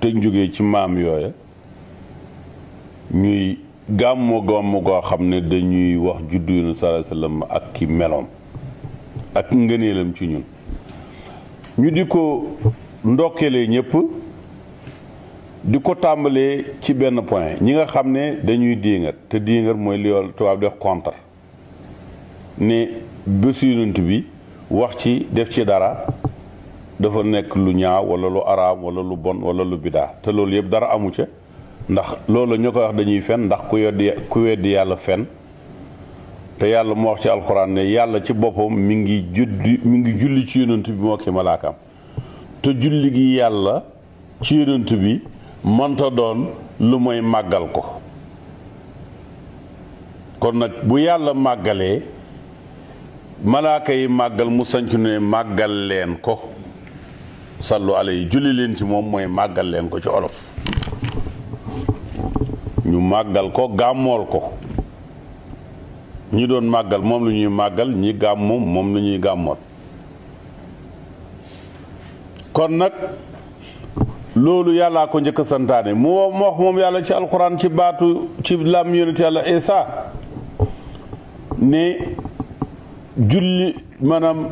te jógee ci maam yooya ñuy gàmmu gàmmu goo xam ne dañuy wax juddu yu sallallahu alayhi wasallam ak ki meloom ak ngëneelam ci ñun ñu di ko ndokkeelee ñëpp di ko tàmbalee ci benn point ñi nga xam ne dañuy diingat te diingat mooy liyool yool tubaab def contre ne bésu yonent bi wax ci def ci dara dafa nekk lu ñaaw wala lu araam wala lu bon wala lu bidaa te loolu yëpp dara amu ca ndax loolu ñu koy wax dañuy fen ndax ku weddi ku weddi yàlla fen te yàlla mu wax ci alxuraan ne yàlla ci boppam mi ngi juddi mi ngi julli ci yonent bi moo ki malaakam te julli gi yàlla ci bi mënta doon lu mooy màggal ko kon nag bu yàlla màggalee malaaka yi màggal mu sancu ne màggal leen ko sallu alayhi julli leen ci moom mooy màggal leen ko ci olof ñu màggal ko gàmmool ko ñi doon màggal moom la ñuy màggal ñi gàmm moom la ñuy gàmmool kon nag loolu yàllaa ko njëkk santaane mu wax moom yàlla ci alxuraan ci baatu ci lam yonent yàlla Isa ne julli maanaam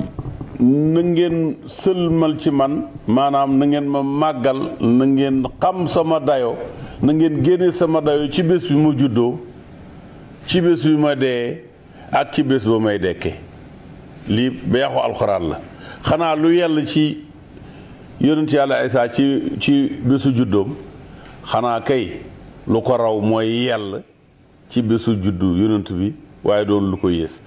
na ngeen mal ci man maanaam na ngeen ma màggal na ngeen xam sama dayo na ngeen génne sama dayo ci bés bi ma juddoo ci bés bi ma dee ak ci bés ba may dekke lii beexu alxuraan la xanaa lu yell ci yonent yàlla Isaa ci ci bésu juddoom xanaa kay lu ko raw mooy yàlla ci bésu juddu yonent bi waaye doon lu ko yées